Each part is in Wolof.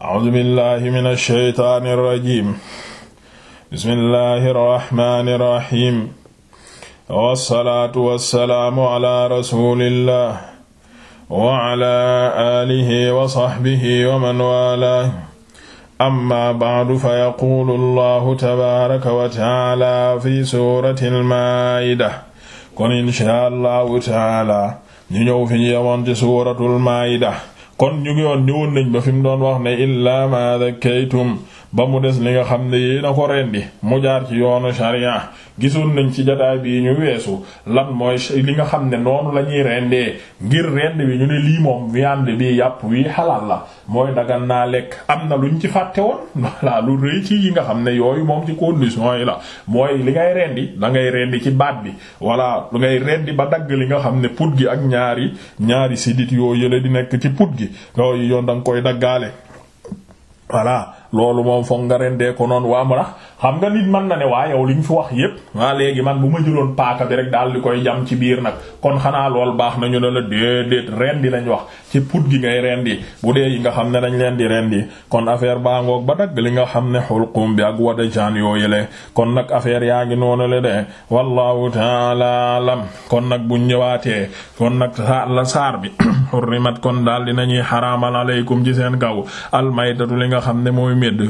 a'uuzu billahi mina shaytaani rajiim bismillahi rahmaani rahiim wassalaatu wassalaamu ala rasuulillah wa ala aalihi wa sahbihi wa man waalaahu amma ba'du fa yaquulu allahu tabaaraka wa ta'aala fi suuratil maa'ida kon inshaa allahu ta'aala ñu ñëw fi ñu yemoon ci suuratul maa'ida kon ñu ngi woon ñëwoon nañ ba fi mu doon wax ne illaa ma zakkaytum ba mu des li nga xam ne yéen a ko rendi mu jaar ci yoonu sharia gisoon nañ ci jotaay bii ñu weesu lan mooy li nga xam ne noonu lañuy ñuy rendee ngir rend bi ñu ne lii moom viande bi yàpp wi xalaal la mooy dagan naa lekk am na luñ ci fàtte woon voilà lu rëy ci yi nga xam ne yooyu moom ci condition yi la mooy li ngay rendi da ngay rendi ci baat bi voilà lu ngay rendi ba dagg li nga xam ne put gi ak ñaari ñaari sidit yoo yële di nekk ci put gi yooyu yoon da nga daggaale loolu moom foog nga rendee ko noonu waa mu xam nga nit mën na ne waa yow li ñu fi wax yépp waa léegi man bu ma jëloon paaka bi rek daal di koy jam ci biir nag kon xanaa lool baax na ñu ne la déedéet rendi lañ wax ci put gi ngay rendi bu dee yi nga xam ne dañ leen di rendi kon affaire baa ngoog ba dagg li nga xam ne xulqum bi ak wadajaan yooyu le kon nag affaire yaa ngi noonu le de wallahu taala alam kon nag bu ñëwaatee kon nag la saar bi xurrimat kon daal dinañuy xaraamal aleykum ci seen kaw almaytatu midd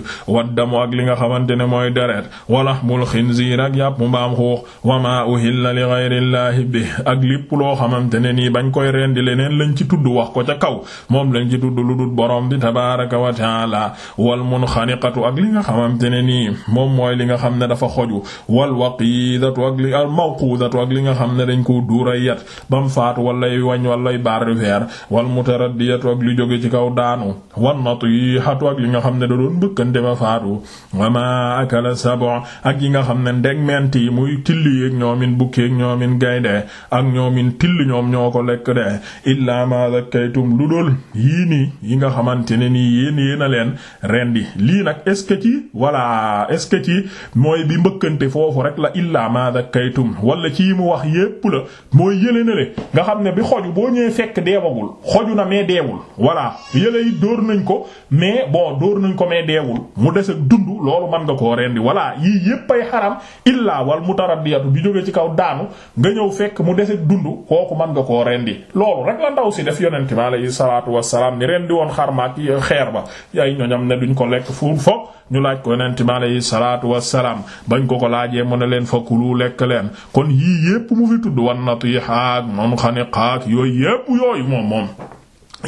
li nga xamante ne mooy deret wala mul xinziir ak yàpp mbaam xuux wama uhilla li ghayrillahi ak lépp loo xamante ne nii bañ koy rendi leneen lañ ci tudd wax ko ca kaw moom lañ ci tudd lu dul boroom bi tabaaraka wa taala wal munxaniqatu ak li nga xamante ne nii moom mooy li nga xam ne dafa xoju wal waqiidatu ak li al mawquudatu ak li nga xam ne dañ ko duura yat bam faatu walay wal mutaraddiyatu ak li jóge ci kaw daanu wan natihatu ak li nga xam ne da doon mbëkkante ba faatu wama akala sabo ak yi nga xam ne ndegment yi muy till yéeg ñoomin bukkeeg ñoomin gaynde ak ñoomin till ñoom ñoo ko lekk de illaa ma zakkaytum lu dul yii nii yi nga xamante ne nii yéen yéen a leen rendi lii nag est-ce que ci voilà est-ce que ci mooy bi mbëkkante foofu rek la illaa ma zakkaytum wala ci mu wax yépp la mooy yële na le nga xam ne bi xoju boo ñëwee fekk deewagul xoju na mais deewul voilà yële yi dóor nañ ko mais bon dóor deewul mu des ak dund loolu mën nga koo rendi walla yii yépp ay xaram illaa wal mutaraddiyatu bi jóge ci kaw daanu nga ñëw fekk mu des ak dund kooku mën nga koo rendi loolu rek la ndaw si def yonent bi alayhi salaatu wassalaam ni rendi woon xar ma ak xeer ba ay ñoñam ne duñ ko lekk fuur foog ñu laaj ko yonent bi alayhi salaatu wassalaam bañ ko ko laajee mu ne leen fa kulu lekk leen kon yii yépp mu fi tudd wan natihaak moom xaniqaak yooyu yépp yooyu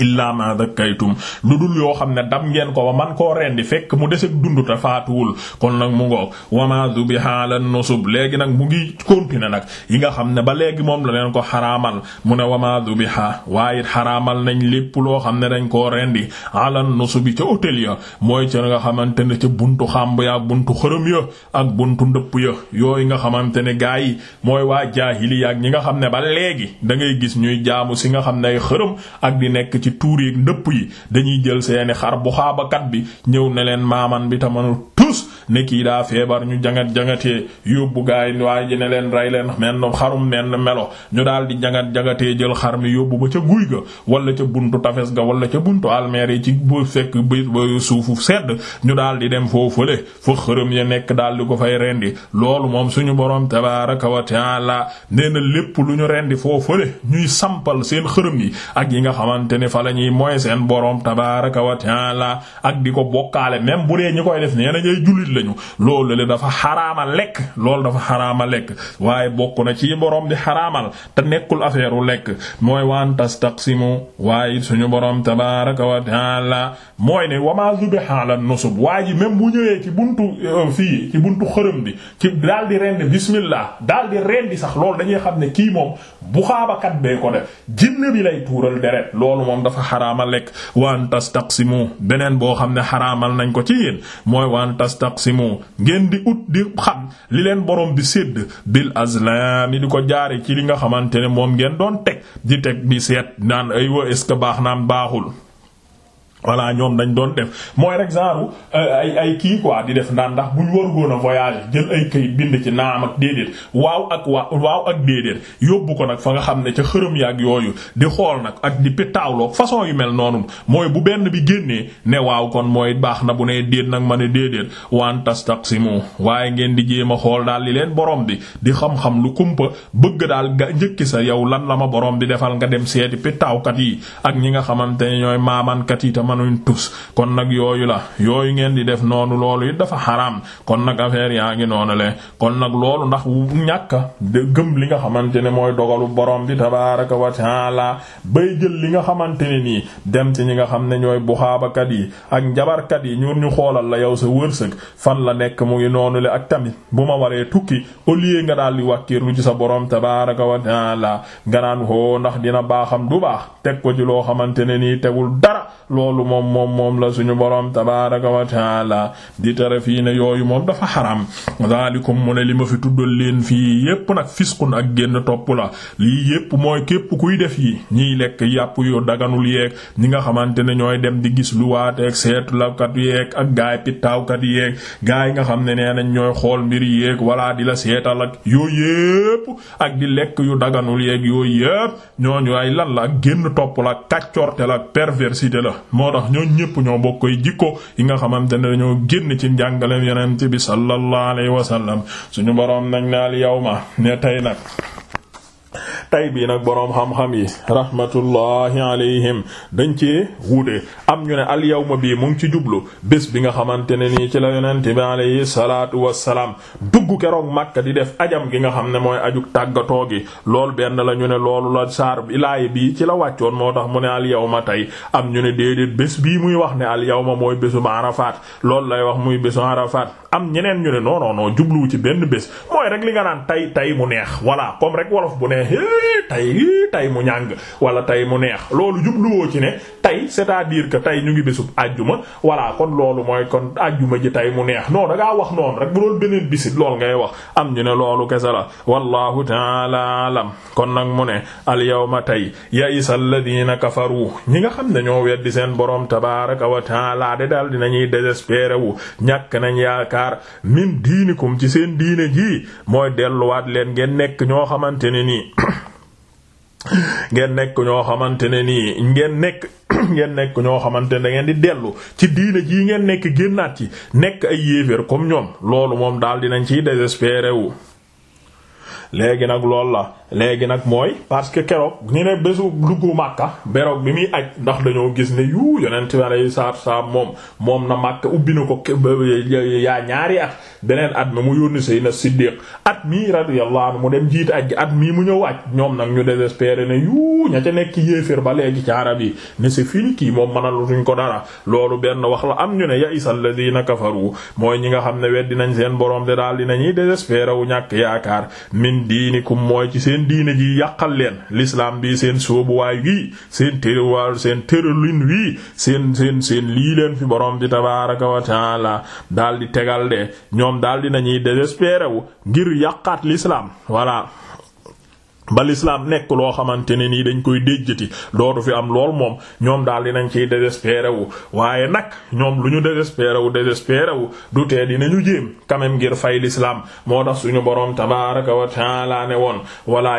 illaa ma dakkaytum lu dul yoo xam ne dam ngeen ko ba man koo rendi fekk mu deseg dund te faatuwul kon nag mu ngoog wama dubiha lan nusub léegi nag mu ngi continuer nag yi nga xam ne ba léegi moom la leen ko xaraamal mu ne wama dubiha waaye xaraamal nañ lépp loo xam ne dañ koo rendi alan nusubi ca hôtel ya mooy ca xamante ne ca buntu xàmb buntu xërëm ya ak buntu ndëpp ya nga xamante ne gaa yi mooy waa jaahili ya ak ñi nga xam ne ba léegi da ngay gis ñuy jaamu si nga xam ne ay xërëm ak di nekk nekk ci tuur yi ndëpp yi dañuy jël seeni xar bu xaabakat bi ñëw ne leen maaman bi tamanu tus ne kii daa feebar ñu jangat jangatee yóbbu gaay waaye ji ne leen rey leen menn xarum menn melo ñu daal di jangat jangatee jël xar mi yóbbu ba ca guy ga wala ca buntu tafes ga wala ca buntu almeer yi ci bu fekk ba suufu sedd ñu daal di dem foofule fa xërëm ya nekk daal di ko fay rendi loolu moom suñu borom tabaaraka wa taala nee na lépp lu ñu rendi foofule ñuy sampal seen fa la ñuy mooy seen borom tabaaraka wa taala ak di ko bokkaale même bu dee ñi koy def nee na julit jullit lañu loolu le dafa xaraama lekk loolu dafa xaraama lekk waaye bokk na ci borom di xaraamal te nekkul affaire u lekk mooy waan tastaqsimu waaye suñu borom tabaaraka wa taala mooy ne wama zubiha ala nusub waa ji même bu ñëwee ci buntu euh, fii ci buntu xërëm bi ci daal di rendi bismillah daal di rendi sax loolu dañuy xam ne kii moom bu xaabakat bee ko def jinne bi lay borom dafa xaraama lekk waan tastaqsimu beneen boo xam ne xaraamal nañ ko ci yéen mooy waan tastaqsimu ngeen di ut di xam li leen borom bi sédd bil azlam yi di ko jaare ci li nga xamante ne moom ngeen doon teg di teg bi seet naan ay wa est-ce que baax naan baaxul voilà ñoom dañ doon def mooy rek genre euh, ay ay kii quoi di def naan ndax bu ñu warugoon a voyager jël ay kay bind ci naam ak déedéet waaw ak waa waaw ak déedéet yóbbu ko nag fa nga xam ne ca xërëm yaag yooyu di xool nag ak di pétaawloo façon yu mel noonu mooy bu benn bi génnee ne waaw kon mooy baax na bu nee déet nag ma ne déedéet wan moo waaye ngeen di jéem a xool daal li leen borom bi di xam-xam lu kumpa bëgg daal nga njëkki sa yow lan la ma borom bi defal nga dem seeti pétaawkat yi ak ñi nga xamante ne ñooy maamankat yi manuñ tus kon nag yooyu la yooyu ngeen di def noonu loolu it dafa xaraam kon nag affaire yaa ngi noonu le kon nag loolu ndax ñàkk de gëm li nga xamante ne mooy dogalu borom bi tabaaraka wa taala bay jël li nga xamante ne nii dem ci ñi nga xam ne ñooy buxaabakat yi ak njabarkat yi ñun ñu xoolal la yow sa wërsëg fan la nekk mu ngi noonu le ak tamit bu ma waree tukki au lieu nga daal di wàkkiirlu ci sa borom tabaaraka wa taala nga ndax dina baaxam du ci loo xamante ne nii tegul dara loolu moom moom moom la suñu boroom tabaaraka wa taala di tere fii ne yooyu moom dafa xaram daalikum mu ne li ma fi tuddal leen fii yépp nag fiskun ak génn topp la lii yépp mooy képp kuy def yi ñiy lekk yàpp yu daganul yeeg ñi nga xamante ne ñooy dem di gis lu waateeg seetulakat yeeg ak gaay pittaawkat yeeg gaay nga xam ne nee nañ ñooy xool mbir yeeg wala di la seetal ak yooyu yépp ak di lekk yu daganul yeeg yooyu yépp ñooñu ay lan la ak génn topp moo tax ñoo ñépp ñoo bokk koy jikko yi nga xamante ne dañoo génn ci njàngaleem yonent bi sallallahu alayhi wa sallam suñu boroom nañ naal yawma ne tey nag tey bii nag boroom xam-xam yi rahmatullahi alayhim dañ ci wuute am ñu ne al yawma bii mu ci jublu bés bi nga xamante ne nii ci la yonent bi alayhi salaatu wassalaam dugg keroog Makka di def ajam gi nga xam ne mooy aju tàggatoo gi lool benn la ñu ne loolu la saar bi laay bii ci la wàccoon moo tax mu ne al yawma tey am ñu ne déedéet bés bii muy wax ne al yawma mooy bésu Arafat loolu lay wax muy bésu Arafat am ñeneen ñu ne non jubluwu ci benn bés ne tay tay mu ñàng wala tay mu neex loolu jubluwoo ci ne tay c'est-à-dire que tay ñu ngi bésub àjjuma voilà kon loolu mooy kon àjjuma ji tay mu neex non da wax noon rek bu doon beneen bisit loolu ngay wax am ñu ne loolu kese la wallahu taala alam kon nag mu ne al yawma tay ya'isa alladina kafaru ñi nga xam ne ñoo weddi seen borom tabaraka wa taala de daal dinañuy désespéré wu ñàkk nañ yaakaar min diinikum ci seen diine ji mooy delluwaat leen ngeen nekk ñoo xamante ne nii ngeen nekk ñoo xamante ne nii ngeen nekk ngeen nekk ñoo xamante ne dangeen di dellu ci diine jii ngeen nekk génnaat ci nekk ay yéeféer comme ñoom loolu moom daal dinañ ciy désespéré wu léegi nag loolu la léegi nag mooy parce que keroog ñu ne bésu duggu Makka beroog bi muy aj ndax dañoo gis ne yuu yonent bi saatu salaam moom moom na Makka ubbi na ko yaa ñaari at beneen at mi mu yónni Seydina Siddiq at mii radiyallahu anhu mu dem jiit aj at mii mu ñëw aj ñoom nag ñu désespéré ne yuu ña ca nekk yéeféer ba léegi ci arab yi ne c'est fini kii moom mënalutuñ ko dara loolu benn wax la am ñu ne ya ya'isa alladhina kafaru mooy ñi nga xam ne weddi nañ seen borom de daal dinañuy désespéré wu ñàkk yaakaar min diinikum mooy ci seen seen diine ji yàqal leen lislaam bi seen sóobuwaay gi seen tërwaay seen tëralin wi seen seen seen lii leen fi borom bi tabaaraka wa taala daal di tegal de ñoom daal di nañuy désespéré ngir yàqaat l'islam voilà ba lislaam nekk loo xamante ne nii dañ koy déjjati dootu fi am lool moom ñoom daal di nañ ci wu waaye nag ñoom lu ñu désespéré wu désespéré wu du tee dinañu jéem quand ngir fay lislaam moo tax suñu boroom tabaraka wa taala ne woon wala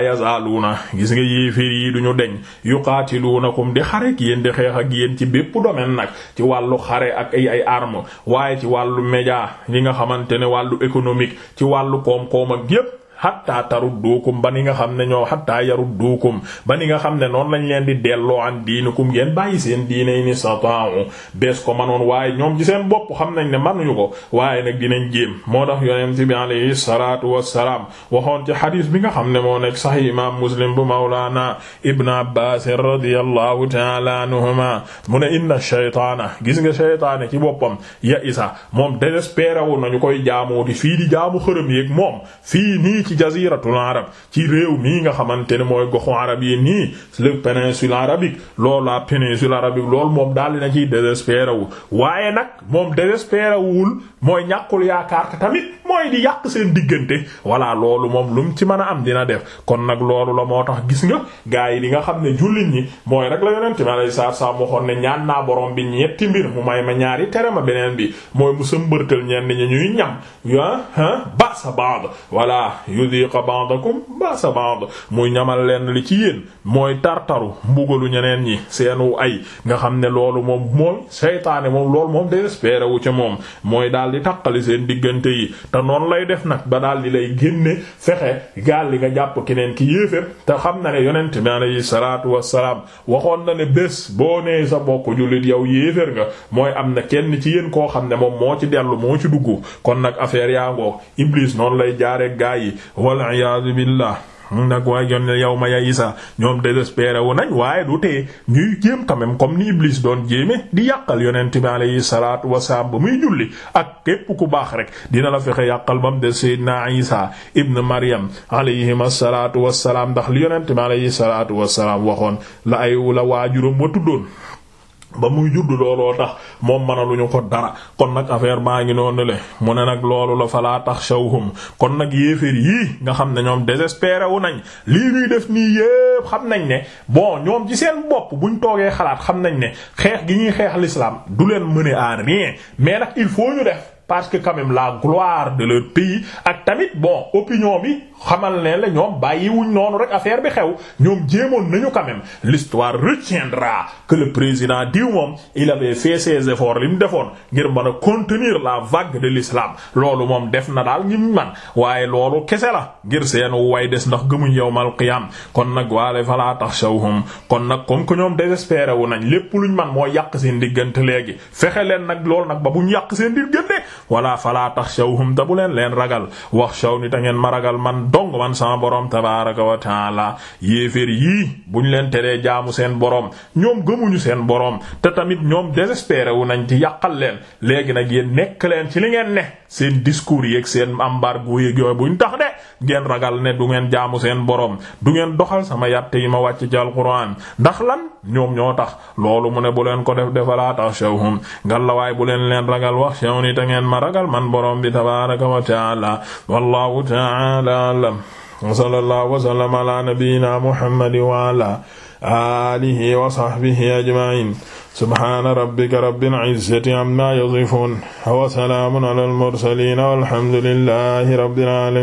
na gis nga yéeféer yi du ñu deñ yuqaatiluunakum di xare ak yéen di xeex ak yéen ci bépp domaine nag ci wàllu xare ak ay ay arme waaye ci wàllu média yi nga xamante ne wàllu économique ci wàllu koom-koom ak yépp xattaa tarudduukum ba ni nga xam ne ñoo xattaa yarudduukum ba ni nga xam ne noonu lañ leen di delloo an diinukum ngeen bàyyi seen diine yi ni sata'u bees ko manoon waaye ñoom ci seen bopp xam nañ ne manuñu ko waaye nag dinañ jéem moo tax yonent bi alayhi salaatu wassalaam waxoon ci xadiis bi nga xam ne moo nekk sax imaam muslim bu mawlaana ibn abbaas radiyallahu ta'ala anhuma mu ne inna shaytaana gis nga shaytaane ci boppam ya isa moom désespéré wu nañu koy jaamoo fii di jaamu xërëm yeek moom ci jaziratul arab ci réew mii nga xamante ne mooy goxu arab yi nii le péninsule arabique loolu la péninsule arabique loolu moom daal dina ciy désespéré wu waaye nag moom désespéré wul mooy ñàkkul yaakaar tamit mooy di yàq seen diggante voilà loolu moom lu mu ci mën a am dina def kon nag loolu la moo tax gis nga gaa yi di nga xam ne jullit ñi mooy rek la yonent mi alayhi salaatu salaam waxoon ne ñaan naa borom bi ñetti mbir mu may ma ñaari tere ma beneen bi mooy mu sëmbërtal ñenn ñi ñuy ñam ah ba sa ba'd voilà yudiqa ba'dakum ba sa ba'd muy ñamal leen li ci yéen mooy tartaru mbugalu ñeneen ñi seenu ay nga xam ne loolu moom mooy seytaane moom loolu moom désespéré wu ca moom mooy daal di yi noonu lay def nag ba daal di lay génne fexe gaal li nga jàpp keneen ki yéefér te xam na ne yonent bi alayhi salaatu wassalaam waxoon na ne bés boo nee sa bokk jullit yow yéefér nga mooy am na kenn ci yéen koo xam ne moom moo ci dellu moo ci dugg kon nag affaire yaa ngoog Iblis noonu lay jaare gaa yi wal iyaadu billah nag waaye yoon yow ma yayisa ñoom désespéré wu nañ waaye du tee ñuy jéem quand même comme ni Iblis doon jéeme di yàqal yonent bi alayhi salaatu wasalaam ba muy julli ak képp ku baax rek dina la fexe yàqal ba mu des Seydina Isa ibn Maryam alayhi salaatu wasalaam ndax li yonent bi alayhi salaatu wasalaam waxoon la ay la waajuram wa tuddoon ba muy judd looloo tax moom mën lu ñu ko dara kon nag affaire baa ngi noonu le mu ne nag loolu la falaa tax sow shawhum kon nag yéeféer yii nga xam ne ñoom désespéré wu nañ lii ñuy def nii yépp xam nañ ne boo ñoom ci seen bopp bu ñu toogee xalaat xam nañ ne xeex gi ñuy xeex lislaam du leen mener à rien mais nag il faut ñu def parce que quand même la gloire de leur pays ak tamit bon opinion bi xamal ne la ñoom bàyyiwuñ noonu rek affaire bi xew ñoom jéemoon nañu quand même l'histoire retiendra que le président diw moom il avait fait ses efforts li mu defoon ngir mën a contenir la vague de l'islam loolu moom def na daal ngi man waaye loolu kese la ngir seen way des ndax gëmuñ yow yawmal qiyam kon nag waale fala taxshawhum kon nag comme que ñoom désespéré wu nañ lépp luñ man moo yàq seen diggante léegi fexe leen nag loolu nag ba buñ yàq seen diggante tax fala taxshawhum ta bu leen leen ragal waxshawni ta ngeen ma ragal man dong man sama borom tabaaraka wa taala yéeféer yii bu ñu leen teree jaamu seen borom ñoom gëmuñu seen borom te tamit ñoom désespéré wu nañ ci yàqal leen léegi nag yéen nekk leen ci li ngeen ne seen discours yeeg seen embargo yeeg bu buñ tax de ngeen ragal ne du ngeen jaamu seen borom du ngeen doxal sama yatte yi ma wàcc ci alquran ndax lan ñoom ñoo tax loolu mu ne bu leen ko def defalaa taxshawhum ngalla waay bu leen leen ragal leen ma ragal man borom bi tabaaraka wa taala wallahu taala alam wa sallallahu wa sallama ala nabiyyina muhammad wa ala alihi wa sahbihi ajma'in subhana rabbika rabbil izzati amma yasifun wa salamun ala al mursalin walhamdulillahi rabbil alamin